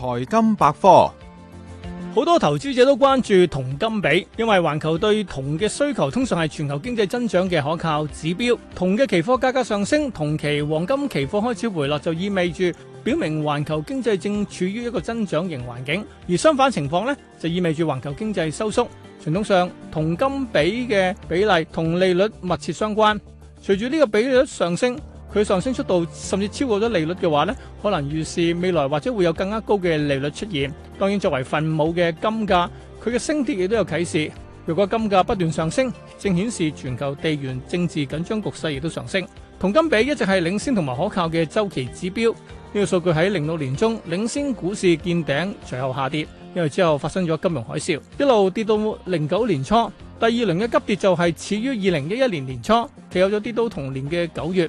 財金百科，好多投資者都關注銅金比，因為環球對銅嘅需求通常係全球經濟增長嘅可靠指標。銅嘅期貨價格上升，同期黃金期貨開始回落，就意味住表明環球經濟正處於一個增長型環境；而相反情況呢，就意味住環球經濟收縮。傳統上，銅金比嘅比例同利率密切相關，隨住呢個比率上升。佢上升速度甚至超過咗利率嘅話呢，可能預示未來或者會有更加高嘅利率出現。當然，作為分母嘅金價，佢嘅升跌亦都有啟示。若果金價不斷上升，正顯示全球地緣政治緊張局勢亦都上升。銅金比一直係領先同埋可靠嘅周期指標。呢個數據喺零六年中領先股市見頂，隨後下跌，因為之後發生咗金融海嘯，一路跌到零九年初。第二輪嘅急跌就係始於二零一一年年初，其有咗跌到同年嘅九月。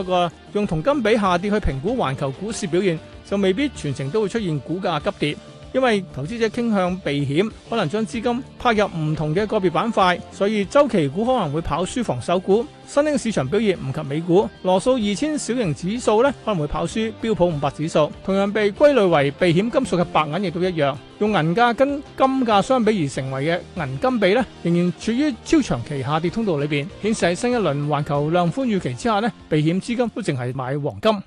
不過用銅金比下跌去評估環球股市表現，就未必全程都會出現股價急跌。因為投資者傾向避險，可能將資金拍入唔同嘅個別板塊，所以周期股可能會跑輸防守股。新興市場表現唔及美股，羅素2000小型指數呢可能會跑輸標普500指數。同樣被歸類為避險金屬嘅白銀亦都一樣，用銀價跟金價相比而成為嘅銀金比呢，仍然處於超長期下跌通道裏邊，顯示喺新一輪環球量寬預期之下呢，避險資金都淨係買黃金。